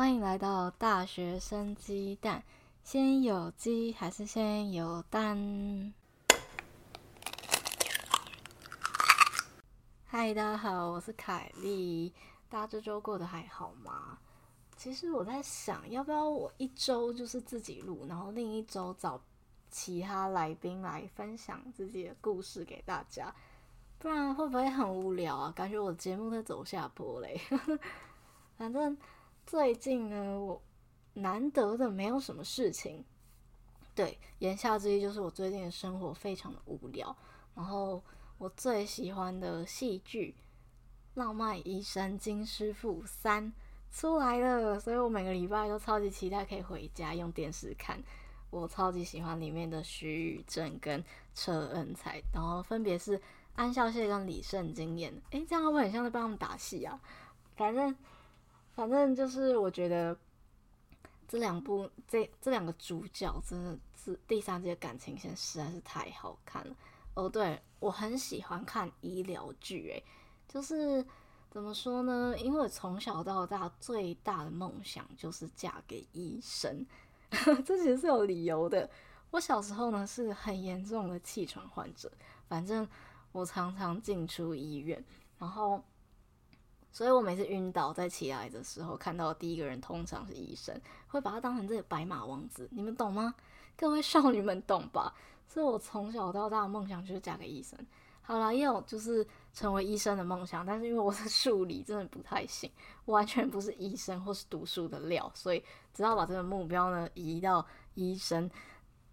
歡迎來到大學生雞蛋，先有雞還是先有蛋？嗨，大家好，我是凱麗。大家這周過得還好嗎？其實我在想，要不要我一周就是自己錄，然後另一周找其他來賓來分享自己的故事給大家？不然會不會很無聊啊？感覺我的節目在走下坡嘞。 反正。最近呢，我難得的沒有什麼事情。對，言下之意就是我最近的生活非常的無聊。然後我最喜歡的戲劇《浪漫醫生金師傅三》出來了，所以我每個禮拜都超級期待可以回家用電視看。我超級喜歡裡面的徐宇正跟車恩宰，然後分別是安孝燮跟李聖經演。哎，這樣會不會很像在幫他們打戲啊？反正。反正就是我覺得這兩部這這兩個主角真的是第三季的感情線實在是太好看了哦！Oh, 對，我很喜歡看醫療劇、欸，誒，就是怎麼說呢？因為我從小到大最大的夢想就是嫁給醫生， 這其實是有理由的。我小時候呢是很嚴重的氣喘患者，反正我常常進出醫院，然後。所以我每次暈倒在起來的時候，看到第一個人通常是醫生，會把他當成這個白馬王子，你們懂嗎？各位少女們懂吧？所以，我從小到大的夢想就是嫁給醫生。好啦，又就是成為醫生的夢想，但是因為我的數理，真的不太行，完全不是醫生或是讀書的料，所以只要把這個目標呢移到醫生。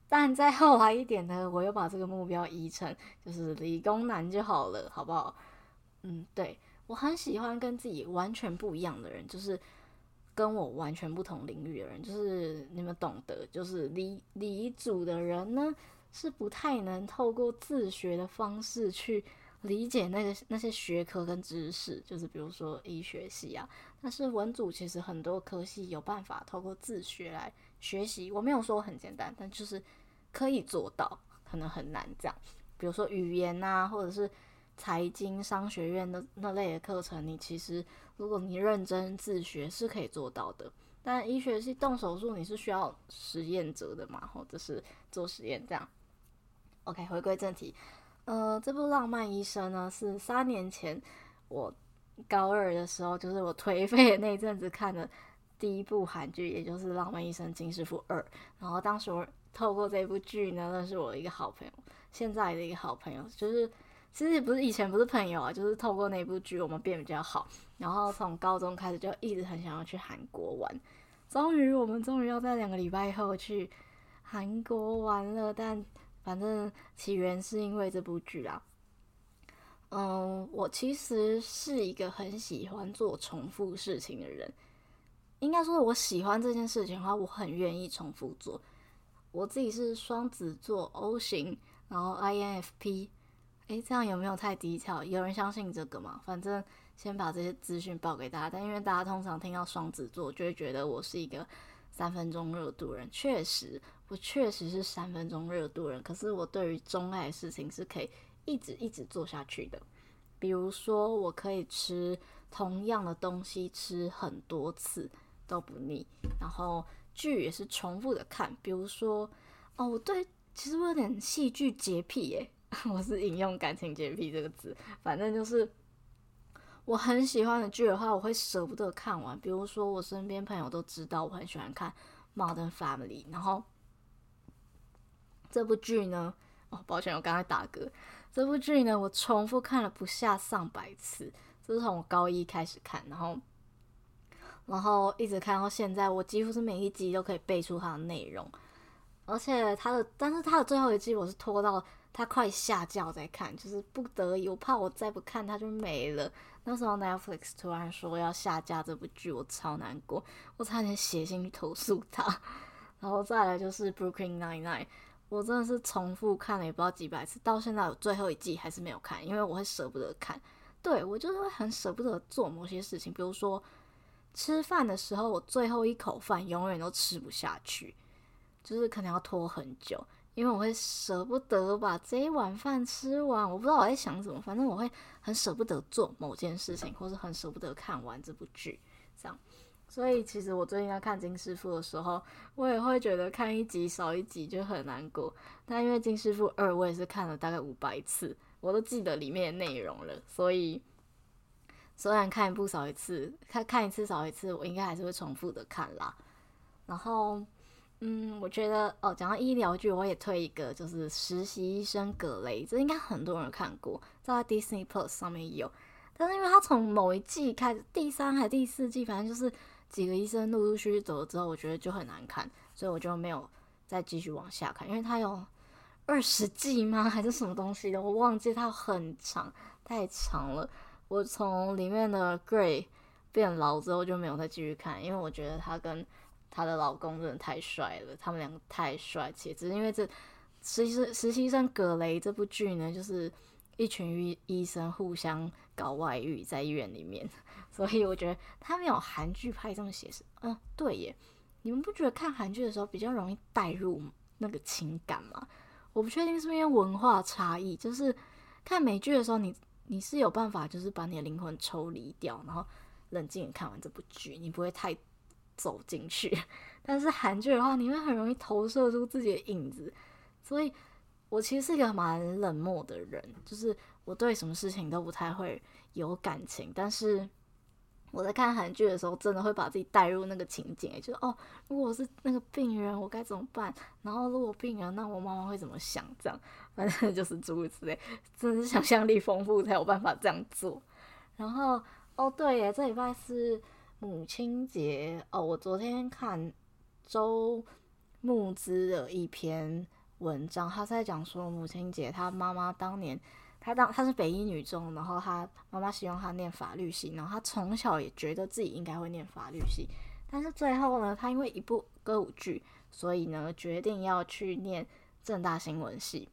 但再後來一點呢，我又把這個目標移成就是理工男就好了，好不好？嗯，對。我很喜歡跟自己完全不一樣的人，就是跟我完全不同領域的人，就是你們懂得，就是理理組的人呢，是不太能透過自學的方式去理解那個那些學科跟知識，就是比如說醫學系啊，但是文組其實很多科系有辦法透過自學來學習，我沒有說很簡單，但就是可以做到，可能很難這樣，比如說語言啊，或者是。財經商學院的那類的課程，你其實如果你認真自學是可以做到的。但醫學系動手術，你是需要實驗者的嘛，哦，就是做實驗這樣。OK，回歸正題，呃，這部《浪漫醫生》呢是三年前我高二的時候，就是我頹廢的那陣子看的第一部韓劇，也就是《浪漫醫生金師傅二》。然後當時我透過這部劇呢認識我的一個好朋友，現在的一個好朋友就是。其實不是以前不是朋友啊，就是透過那部劇我們變比較好，然後從高中開始就一直很想要去韓國玩，終於我們終於要在兩個禮拜後去韓國玩了。但反正起源是因為這部劇啊。嗯，我其實是一個很喜歡做重複事情的人，應該說我喜歡這件事情的話，我很願意重複做。我自己是雙子座 O 型，然後 INFP。誒，這樣有沒有太低調？有人相信這個嗎？反正先把這些資訊報給大家。但因為大家通常聽到雙子座，就會覺得我是一個三分鐘熱度人。確實，我確實是三分鐘熱度人。可是我對於鍾愛的事情是可以一直一直做下去的。比如說，我可以吃同樣的東西吃很多次都不膩。然後劇也是重複的看。比如說，哦，我對，其實我有點戲劇潔癖耶。 我是引用“感情潔癖”這個詞，反正就是我很喜歡的劇的話，我會捨不得看完。比如說，我身邊朋友都知道我很喜歡看《Modern Family》，然後這部劇呢……哦，抱歉，我剛才打嗝。這部劇呢，我重複看了不下上百次，就是從我高一開始看，然後然後一直看到現在，我幾乎是每一集都可以背出它的內容。而且它的……但是它的最後一季，我是拖到。他快下架，我再看，就是不得已，我怕我再不看，他就沒了。那時候 Netflix 突然說要下架這部劇，我超難過，我差點寫信去投訴他。 然後再來就是 Brooklyn Nine-Nine，我真的是重複看了也不知道幾百次，到現在我最後一季還是沒有看，因為我會舍不得看。對，我就是會很舍不得做某些事情，比如說吃飯的時候，我最後一口飯永遠都吃不下去，就是可能要拖很久。因為我會捨不得把這一碗飯吃完，我不知道我在想什麼，反正我會很捨不得做某件事情，或是很捨不得看完這部劇，這樣。所以其實我最近在看金師傅的時候，我也會覺得看一集少一集就很難過。但因為金師傅二我也是看了大概五百次，我都記得裡面的內容了，所以雖然看一部少一次，看看一次少一次，我應該還是會重複的看啦。然後。嗯，我覺得哦，講到醫療劇，我也推一個，就是《實習醫生格雷》，這應該很多人看過，在 Disney Plus 上面有。但是因為它從某一季開始，第三還是第四季，反正就是幾個醫生陸陸續續走了之後，我覺得就很難看，所以我就沒有再繼續往下看。因為它有二十季嗎？還是什麼東西的，我忘記它很長，太長了。我從裡面的 Grey 變老之後，就沒有再繼續看，因為我覺得它跟。她的老公真的太帥了，他們兩個太帥氣。只是因為這實習實習生葛雷這部劇呢，就是一群醫醫生互相搞外遇在醫院裡面，所以我覺得他們有韓劇拍這麼寫是，嗯、呃，對耶。你們不覺得看韓劇的時候比較容易帶入那個情感嗎？我不確定是不是因為文化差異，就是看美劇的時候你，你你是有辦法就是把你的靈魂抽離掉，然後冷靜看完這部劇，你不會太走進去，但是韓劇的話，你會很容易投射出自己的影子，所以我其實是一個蠻冷漠的人，就是我對什麼事情都不太會有感情。但是我在看韓劇的時候，真的會把自己帶入那個情景，就是哦，如果我是那個病人，我該怎麼辦？然後如果病人，那我媽媽會怎麼想？這樣，反正就是諸如此類，真的是想象力豐富才有辦法這樣做。然後哦，對耶，這禮拜是。母親節哦，我昨天看周慕姿的一篇文章，他在講說母親節，他媽媽當年她當她是北一女中，然後她媽媽希望她念法律系，然後她從小也覺得自己應該會念法律系，但是最後呢，她因為一部歌舞劇，所以呢決定要去念政大新聞系。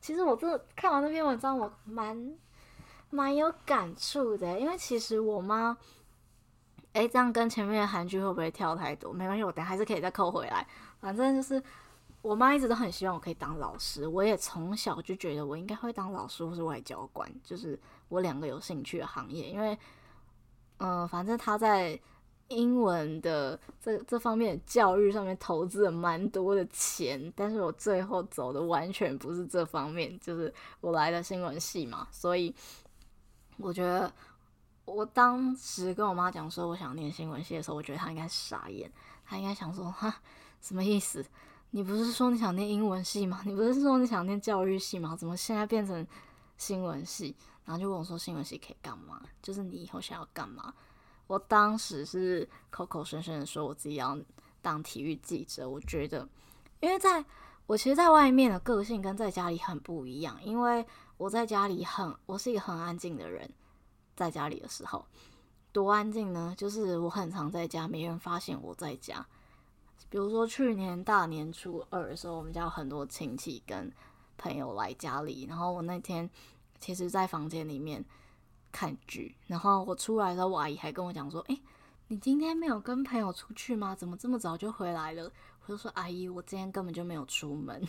其實我這看完那篇文章，我蠻蠻,蠻有感觸的，因為其實我媽。誒，這樣跟前面的韓劇會不會跳太多？沒關係，我等下還是可以再扣回來。反正就是，我媽一直都很希望我可以當老師，我也從小就覺得我應該會當老師或是外交官，就是我兩個有興趣的行業。因為，嗯、呃，反正她在英文的這這方面的教育上面投資了蠻多的錢，但是我最後走的完全不是這方面，就是我來的新聞系嘛。所以，我覺得。我當時跟我媽講說我想念新聞系的時候，我覺得她應該傻眼，她應該想說哈，什麼意思？你不是說你想念英文系嗎？你不是說你想念教育系嗎？怎麼現在變成新聞系？然後就問我說新聞系可以幹嘛？就是你以後想要幹嘛？我當時是口口聲聲的說我自己要當體育記者，我覺得，因為在，我其實在外面的個性跟在家裡很不一樣，因為我在家裡很，我是一個很安靜的人。在家裡的時候多安靜呢，就是我很常在家，沒人發現我在家。比如說去年大年初二的時候，我們家有很多親戚跟朋友來家裡，然後我那天其實在房間裡面看劇，然後我出來的時候，我阿姨還跟我講說：“欸，你今天沒有跟朋友出去嗎？怎麼這麼早就回來了？”我就說：“阿姨，我今天根本就沒有出門。”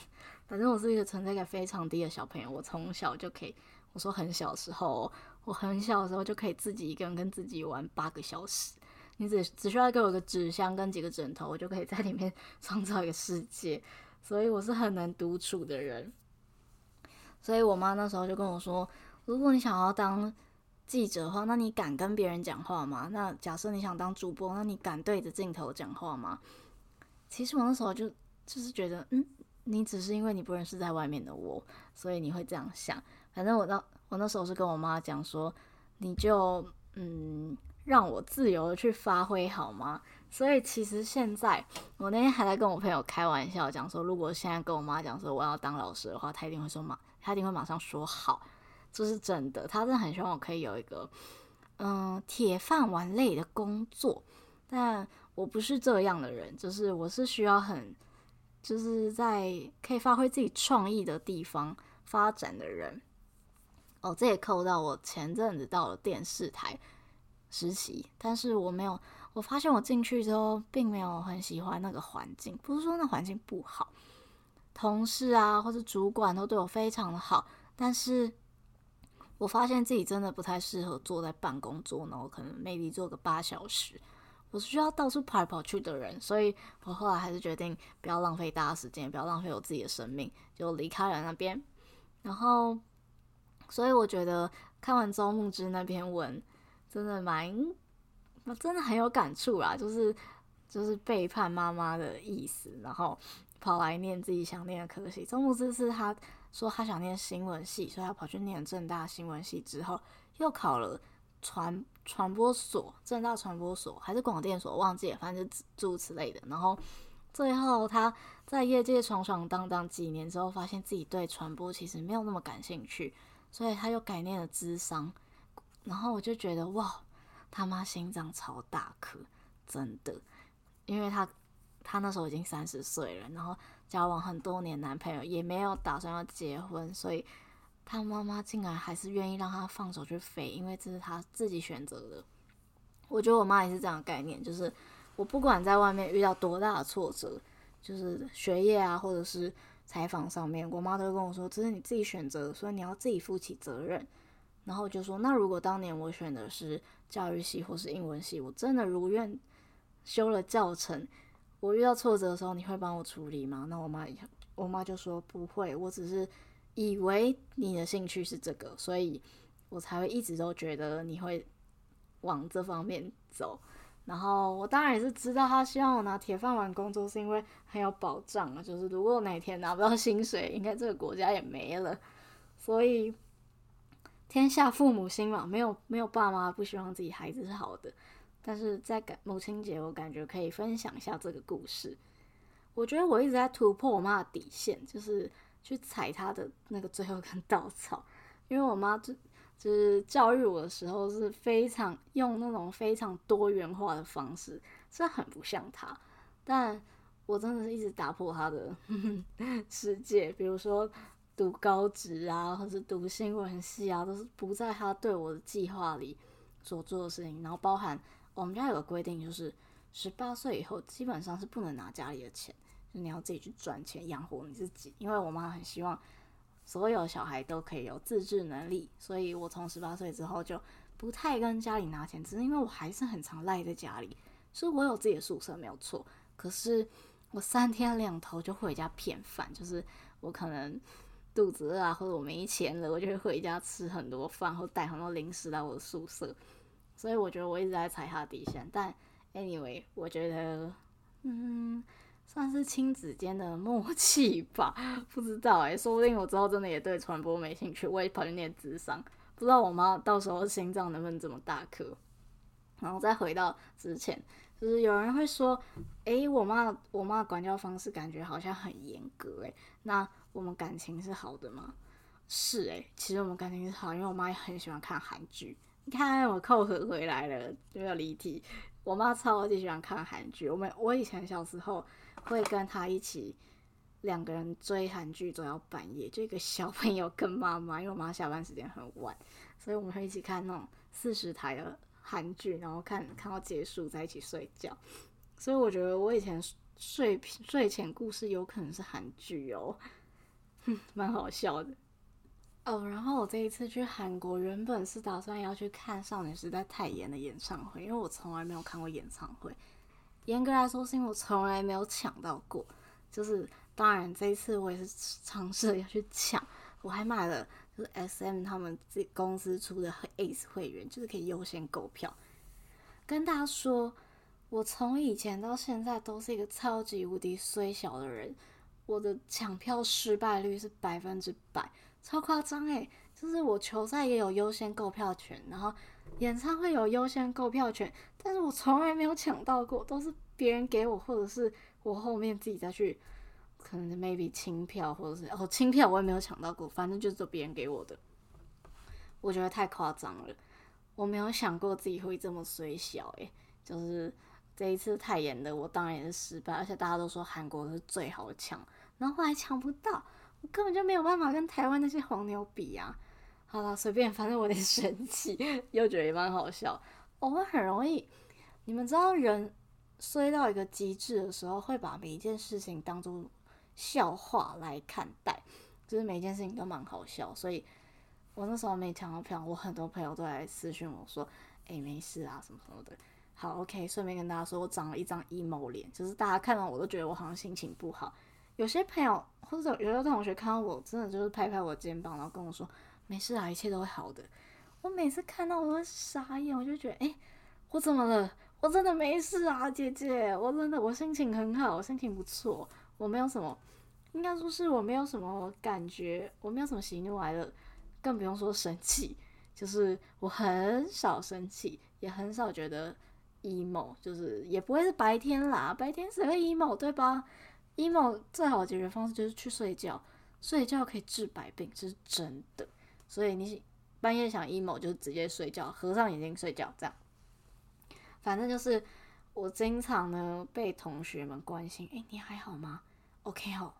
反正我是一個存在感非常低的小朋友，我從小就可以，我說很小時候。我很小的時候就可以自己一個人跟自己玩八個小時，你只只需要給我個紙箱跟幾個枕頭，我就可以在裡面創造一個世界。所以我是很能獨處的人。所以我媽那時候就跟我說：“如果你想要當記者的話，那你敢跟別人講話嗎？那假設你想當主播，那你敢對着鏡頭講話嗎？”其實我那時候就就是覺得，嗯，你只是因為你不認識在外面的我，所以你會這樣想。反正我到。我那時候是跟我媽講說：“你就嗯，讓我自由的去發揮好嗎？”所以其實現在我那天還在跟我朋友開玩笑講說：“如果現在跟我媽講說我要當老師的話，她一定會說嘛，她一定會馬上說好。就”這是真的，她是很希望我可以有一個嗯鐵飯碗類的工作。但我不是這樣的人，就是我是需要很就是在可以發揮自己創意的地方發展的人。哦，這也扣到我前陣子到了電視台實習，但是我沒有，我發現我進去之後並沒有很喜歡那個環境，不是說那環境不好，同事啊或者主管都對我非常的好，但是我發現自己真的不太適合坐在辦公桌呢，我可能 maybe 坐個八小時，我需要到處跑來跑去的人，所以我後來還是決定不要浪費大家時間，不要浪費我自己的生命，就離開了那邊，然後。所以我覺得看完周慕姿那篇文，真的蠻，真的很有感觸啦！就是就是背叛媽媽的意思，然後跑來念自己想念的科系。周慕姿是他說他想念新聞系，所以他跑去念政大新聞系，之後又考了傳傳播所，政大傳播所還是廣電所，忘記，反正就諸如此類的。然後最後他在業界闖闖蕩蕩幾年之後，發現自己對傳播其實沒有那麼感興趣。所以他有改念了諮商，然後我就覺得哇，他媽心臟超大顆，真的，因為他他那時候已經三十歲了，然後交往很多年男朋友也沒有打算要結婚，所以他媽媽竟然還是願意讓他放手去飛，因為這是他自己選擇的。我覺得我媽也是這樣的概念，就是我不管在外面遇到多大的挫折，就是學業啊，或者是。採訪上面，我媽都跟我說，這是你自己選擇的，所以你要自己負起責任。然後我就說，那如果當年我選的是教育系或是英文系，我真的如願修了教程，我遇到挫折的時候，你會幫我處理嗎？那我媽，我媽就說，不會，我只是以為你的興趣是這個，所以我才會一直都覺得你會往這方面走。然後我當然也是知道，他希望我拿鐵飯碗工作，是因為很有保障啊。就是如果哪天拿不到薪水，應該這個國家也沒了。所以天下父母心嘛，沒有沒有爸媽不希望自己孩子是好的。但是在感母親節，我感覺可以分享一下這個故事。我覺得我一直在突破我媽的底線，就是去踩她的那個最後一根稻草，因為我媽最。就是教育我的時候是非常用那種非常多元化的方式，這很不像他。但我真的是一直打破他的 世界，比如說讀高職啊，或者是讀新聞系啊，都是不在他對我的計劃裡所做的事情。然後包含我們家有個規定，就是十八歲以後基本上是不能拿家裡的錢，就是、你要自己去賺錢養活你自己，因為我媽很希望。所有小孩都可以有自製能力，所以我從十八歲之後就不太跟家裡拿錢，只是因為我還是很常賴在家裡。所以我有自己的宿舍沒有錯，可是我三天兩頭就回家騙飯，就是我可能肚子餓啊，或者我沒錢了，我就會回家吃很多飯，或帶很多零食來我的宿舍。所以我覺得我一直在踩他的底線，但 anyway，我覺得嗯。算是親子間的默契吧，不知道誒、欸。說不定我之後真的也對傳播沒興趣，我也跑去念諮商，不知道我媽到時候心臟能不能這麼大顆。然後再回到之前，就是有人會說：“誒、欸，我媽，我媽管教方式感覺好像很嚴格。”誒。那我們感情是好的嗎？是誒、欸。其實我們感情是好，因為我媽也很喜歡看韓劇。你看我扣盒回來了，就沒有離題？我媽超級喜歡看韓劇，我們我以前小時候。會跟他一起，兩個人追韓劇都要半夜，就一個小朋友跟媽媽，因為我媽下班時間很晚，所以我們會一起看那種四十台的韓劇，然後看，看到結束再一起睡覺。所以我覺得我以前睡，睡前故事有可能是韓劇哦，哼、嗯，蠻好笑的。哦，然後我這一次去韓國，原本是打算要去看少女時代泰妍的演唱會，因為我從來沒有看過演唱會。嚴格來說，是因為我從來沒有搶到過。就是當然，這一次我也是嘗試了要去搶，我還買了就是 SM 他們自己公司出的 ACE 會員，就是可以優先購票。跟大家說，我從以前到現在都是一個超級無敵衰小的人，我的搶票失敗率是百分之百，超誇張欸。就是我球賽也有優先購票權，然後演唱會有優先購票權，但是我從來沒有搶到過，都是別人給我，或者是我後面自己再去，可能 maybe 清票，或者是哦清票，我也沒有搶到過，反正就是別人給我的。我覺得太誇張了，我沒有想過自己會這麼衰小誒、欸。就是這一次太嚴了，我當然也是失敗，而且大家都說韓國是最好搶，然後後來搶不到，我根本就沒有辦法跟台灣那些黃牛比啊。好啦，隨便，反正我有點生氣，又覺得也蠻好笑。我、oh, 會很容易，你們知道，人衰到一個極致的時候，會把每一件事情當做笑話來看待，就是每一件事情都蠻好笑。所以我那時候沒搶到票，我很多朋友都來私訊我說：“誒、欸，沒事啊，什麼什麼的。好”好，OK，順便跟大家說我長了一張 emo 臉，就是大家看到我都覺得我好像心情不好。有些朋友或者有的同學看到我，真的就是拍拍我肩膀，然後跟我說。沒事啊，一切都會好的。我每次看到我都傻眼，我就覺得，哎，我怎麼了？我真的沒事啊，姐姐，我真的，我心情很好，我心情不錯，我沒有什麼，應該說是我沒有什麼感覺，我沒有什麼喜怒哀樂，更不用說生氣，就是我很少生氣，也很少覺得 emo，就是也不會是白天啦，白天誰會 emo 對吧？emo 最好的解決方式就是去睡覺，睡覺可以治百病，這是真的。所以你半夜想 emo 就直接睡覺，合上眼睛睡覺，這樣。反正就是我經常呢被同學們關心，誒，你還好嗎？OK 哦，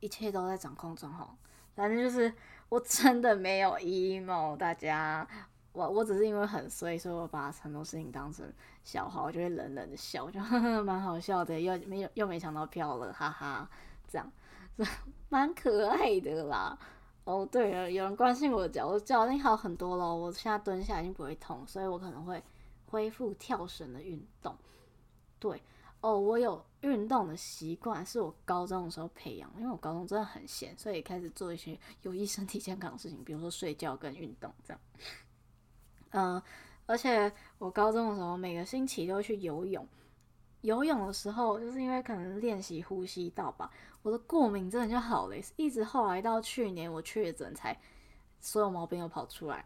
一切都在掌控中哈。反正就是我真的沒有 emo，大家，我我只是因為很衰，所以我把很多事情當成笑話，我就會冷冷的笑，我就呵呵，蠻好笑的，又沒有又，又沒搶到票了，哈哈，這樣，蠻可愛的啦。哦，oh, 對了，有人關心我的腳，我腳已經好很多了。我現在蹲下已經不會痛，所以我可能會恢復跳繩的運動。對，哦，oh，我有運動的習慣，是我高中的時候培養，因為我高中真的很閒，所以開始做一些有益身體健康的事情，比如說睡覺跟運動這樣。嗯，而且我高中的時候每個星期都會去游泳。游泳的時候，就是因為可能練習呼吸道吧，我的過敏真的就好了。一直後來到去年我確診才所有毛病又跑出來。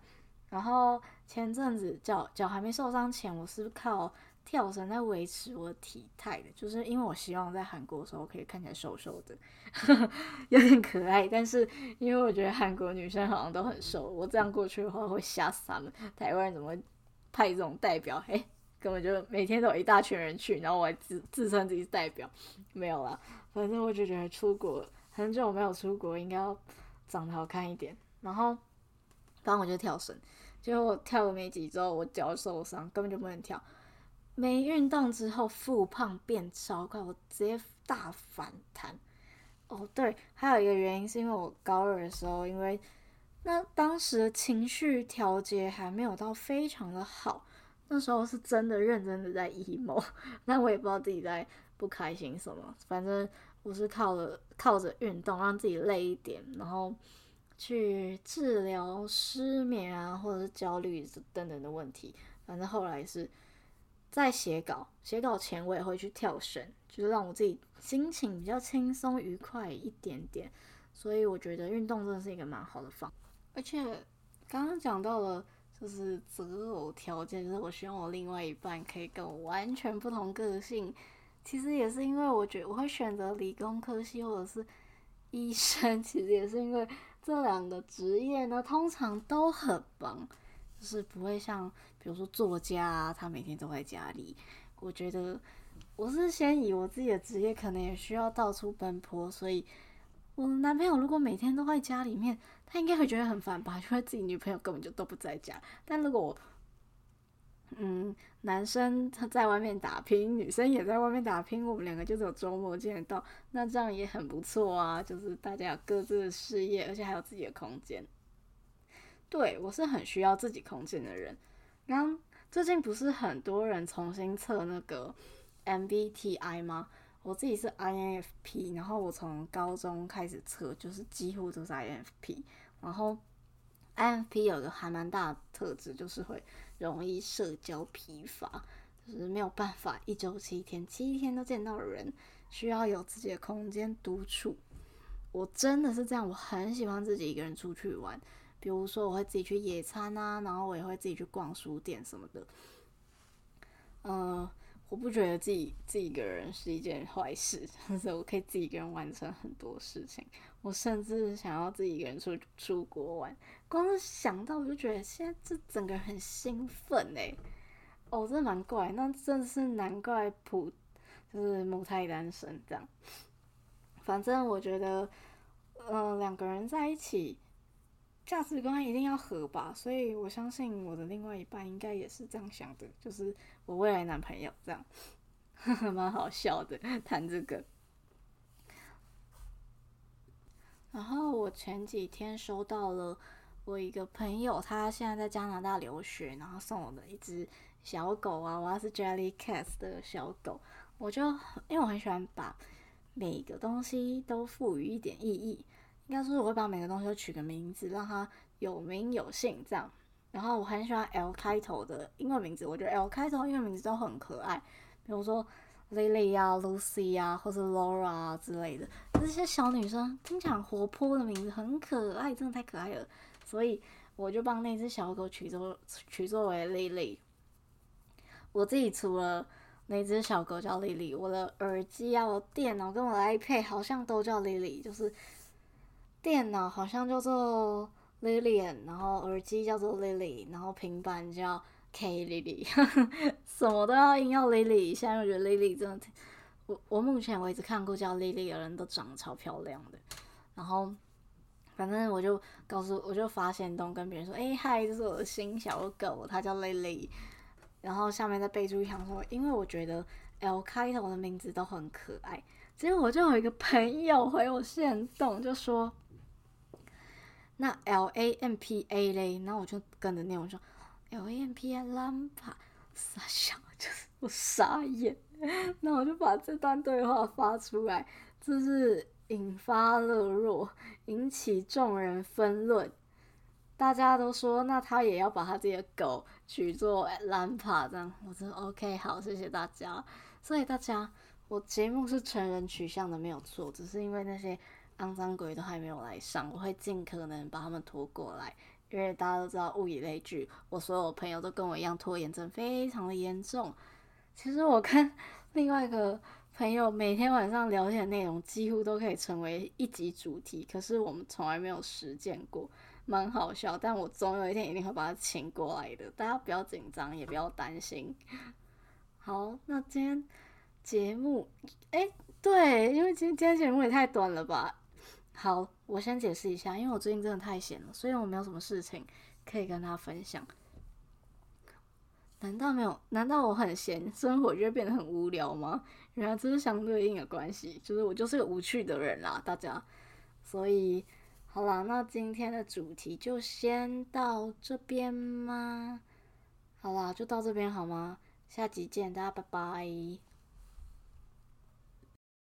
然後前陣子腳腳還沒受傷前，我是靠跳繩在維持我的體態的，就是因為我希望在韓國的時候可以看起來瘦瘦的， 有點可愛。但是因為我覺得韓國女生好像都很瘦，我這樣過去的話會嚇死他們。台灣人怎麼會派這種代表？嘿。根本就每天都有一大群人去，然後我還自自稱自己是代表，沒有啦，反正我就覺得出國了很久沒有出國，應該要長得好看一點。然後，剛我就跳繩，結果我跳了沒幾週，我腳受傷，根本就不能跳。沒運動之後，復胖變超快，我直接大反彈。哦，對，還有一個原因是因為我高二的時候，因為那當時的情緒調節還沒有到非常的好。那時候是真的認真的在 emo，但我也不知道自己在不開心什麼，反正我是靠着靠着運動讓自己累一點，然後去治療失眠啊或者是焦慮等等的問題。反正後來是在寫稿，寫稿前我也會去跳繩，就是讓我自己心情比較輕鬆愉快一點點。所以我覺得運動真的是一個蠻好的方，而且剛剛講到了。就是擇偶條件，就是我希望我另外一半可以跟我完全不同個性。其實也是因為我覺得我會選擇理工科系或者是醫生，其實也是因為這兩個職業呢，通常都很忙，就是不會像比如說作家啊，他每天都在家裡。我覺得我是先以我自己的職業，可能也需要到處奔波，所以。我男朋友如果每天都在家裡面，他應該會覺得很煩吧，因為自己女朋友根本就都不在家。但如果，嗯，男生他在外面打拼，女生也在外面打拼，我們兩個就只有周末見得到，那這樣也很不錯啊，就是大家有各自的事業，而且還有自己的空間。對，我是很需要自己空間的人。那最近不是很多人重新測那個 MBTI 嗎？我自己是 INFP，然後我從高中開始測，就是幾乎都是 INFP。然後 INFP 有個還蠻大的特質，就是會容易社交疲乏，就是沒有辦法一周七天，七天都見到人，需要有自己的空間獨處。我真的是這樣，我很喜歡自己一個人出去玩，比如說我會自己去野餐啊，然後我也會自己去逛書店什麼的，嗯、呃。我不覺得自己自己一個人是一件壞事，真，就是我可以自己一個人完成很多事情。我甚至想要自己一個人出出國玩，光是想到我就覺得現在這整個人很興奮誒、欸。哦，這蠻怪，那真的是難怪普就是母胎單身這樣。反正我覺得，嗯、呃，兩個人在一起。價值觀一定要合吧，所以我相信我的另外一半應該也是這樣想的，就是我未來男朋友這樣，蠻好笑的，談這個。然後我前幾天收到了我一個朋友，他現在在加拿大留學，然後送我的一隻小狗啊，我是 Jellycat 的小狗，我就，因為我很喜歡把每個東西都賦予一點意義。應該說我會把每個東西都取個名字，讓它有名有姓這樣。然後我很喜歡 L 開頭的英文名字，我覺得 L 開頭英文名字都很可愛，比如說 Lily 啊、Lucy 啊，或者 Laura 啊之類的，這些小女生聽起來活潑的名字很可愛，真的太可愛了。所以我就幫那只小狗取作取作為 Lily。我自己除了那只小狗叫 Lily，我的耳機啊、我電腦跟我 iPad 好像都叫 Lily，就是。電腦好像叫做 Lillian，然後耳機叫做 Lily，然後平板叫 K Lily。什麼都要硬要 Lily，現在我覺得 Lily 真的，我我目前為止看過叫 Lily 的人都長得超漂亮的。然後反正我就告訴，我就發限動跟別人說，哎、欸，嗨，這是我的新小狗，它叫 Lily。然後下面再備注一下說，因為我覺得 L 開頭的名字都很可愛。結果我就有一個朋友回我限動，就說。那 L A M P A 嘞，然後我就跟着念，我說，L A M P A，蘭帕傻笑，就是我傻眼。那我就把這段對話發出來，就是引發熱絡，引起眾人紛論。大家都說，那他也要把他這個狗取做 L A M P A 這樣，我說 OK。好，謝謝大家。所以大家，我節目是成人取向的沒有錯，只是因為那些。骯髒鬼都還沒有來上，我會盡可能把他們拖過來，因為大家都知道物以類聚，我所有朋友都跟我一樣拖延症非常的嚴重。其實我跟另外一個朋友每天晚上聊天的內容幾乎都可以成為一集主題，可是我們從來沒有實踐過，蠻好笑。但我總有一天一定會把他請過來的，大家不要緊張，也不要擔心。好，那今天節目，哎、欸，對，因為今天節目也太短了吧？好，我先解釋一下，因為我最近真的太閒了，所以我沒有什麼事情可以跟他分享。難道沒有？難道我很閒，生活就會變得很無聊嗎？原來這是相對應的關係，就是我就是個無趣的人啦，大家。所以，好了，那今天的主題就先到這邊嗎？好了，就到這邊好嗎？下集見，大家拜拜。